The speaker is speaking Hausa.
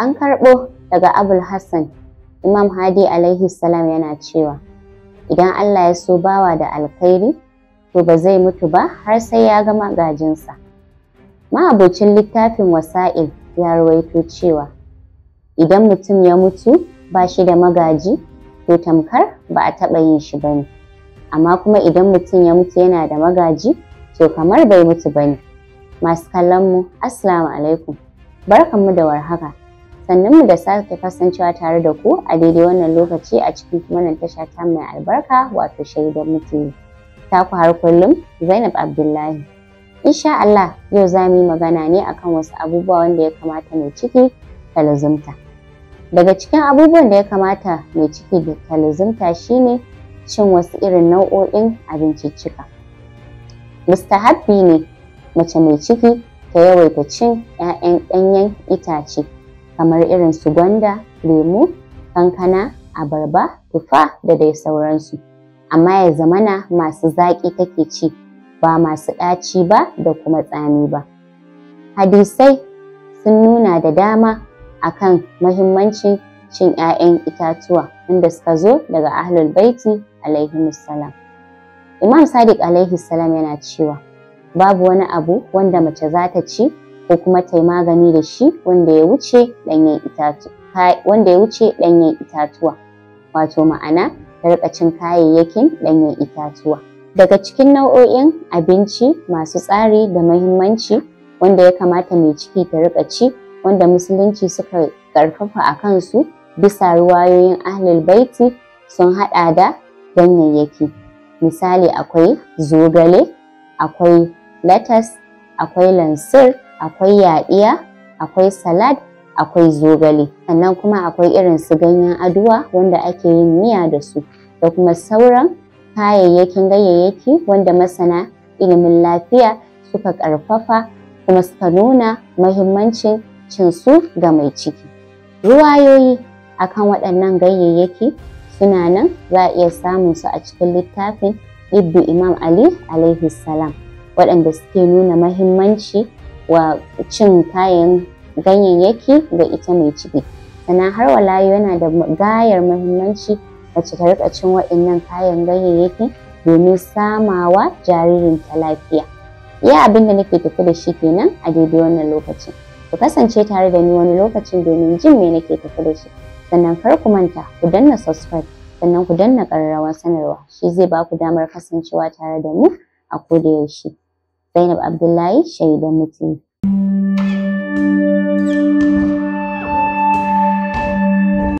An karɓo daga Abul Hassan, Imam Hadi alaihi salam yana cewa, Idan Allah ya so bawa da alkhairi, to ba zai mutu ba har sai ya ga magajinsa. Ma'abocin littafin wasa'il ya rawaito cewa, Idan mutum ya mutu ba shi da magaji, to tamkar ba a taɓa yin shi ba ne. Amma kuma idan mutum ya mutu yana da magaji, to kamar bai mutu ba ne. Masu kallonmu, Assalamu alaikum. Barkanmu da warhaka. sannunmu da sake kasancewa tare da ku a daidai wannan lokaci a cikin wannan tasha ta mai albarka wato shaidar mutum ta ku har kullum Zainab Abdullahi. Insha Allah yau za mu yi magana ne akan wasu abubuwa wanda ya kamata mai ciki ta lazumta. Daga cikin abubuwan da ya kamata mai ciki da ta shine cin wasu irin nau'o'in abinciccika. Mustahabbi ne mace mai ciki ta yawaita cin 'ya'yan ɗanyen itace. kamar irin su gwanda, lemu, kankana, abarba, tufa da dai sauransu. Amma ya zamana masu zaƙi take ci, ba masu ɗaci ba da kuma tsami ba. Hadisai sun nuna da dama akan mahimmancin cin 'ya'yan itatuwa inda suka zo daga ahlul baiti alaihi salam. Imam Sadiq alaihi salam yana cewa babu wani abu wanda mace za ta ci ko kuma ta yi magani da shi wanda ya wuce ɗanyen itatu wanda ya wuce ɗanyen itatuwa wato ma'ana ta kayayyakin ɗanyen itatuwa daga cikin nau'o'in abinci masu tsari da mahimmanci wanda ya kamata mai ciki ta riƙa ci wanda musulunci suka ƙarfafa a kansu bisa ruwayoyin ahlul baiti sun haɗa da ganyayyaki misali akwai zogale akwai latas akwai lansir akwai yaɗiya akwai salad akwai zogale sannan kuma akwai irin su ganyen aduwa wanda ake yin miya da su da kuma sauran kayayyakin ganyayyaki wanda masana ilimin lafiya suka ƙarfafa kuma suka nuna mahimmancin cin su ga mai ciki ruwayoyi akan waɗannan ganyayyaki suna nan za a iya samun su a cikin littafin ibnu imam ali alaihi salam waɗanda suke nuna mahimmanci wa cin kayan ganyayyaki ga ita mai ciki sannan har wala yana da gayar muhimmanci mace ta rika cin waɗannan kayan ganyayyaki domin samawa jaririnta lafiya iya abin da nake tafi da shi kenan a daidai wannan lokacin ku kasance tare da ni wani lokacin domin jin me nake tafi da shi sannan kar ku manta ku danna subscribe sannan ku danna ƙararrawar sanarwa shi zai ba ku damar kasancewa tare da mu a koda yaushe Zainab Abdullahi shaidan mutum.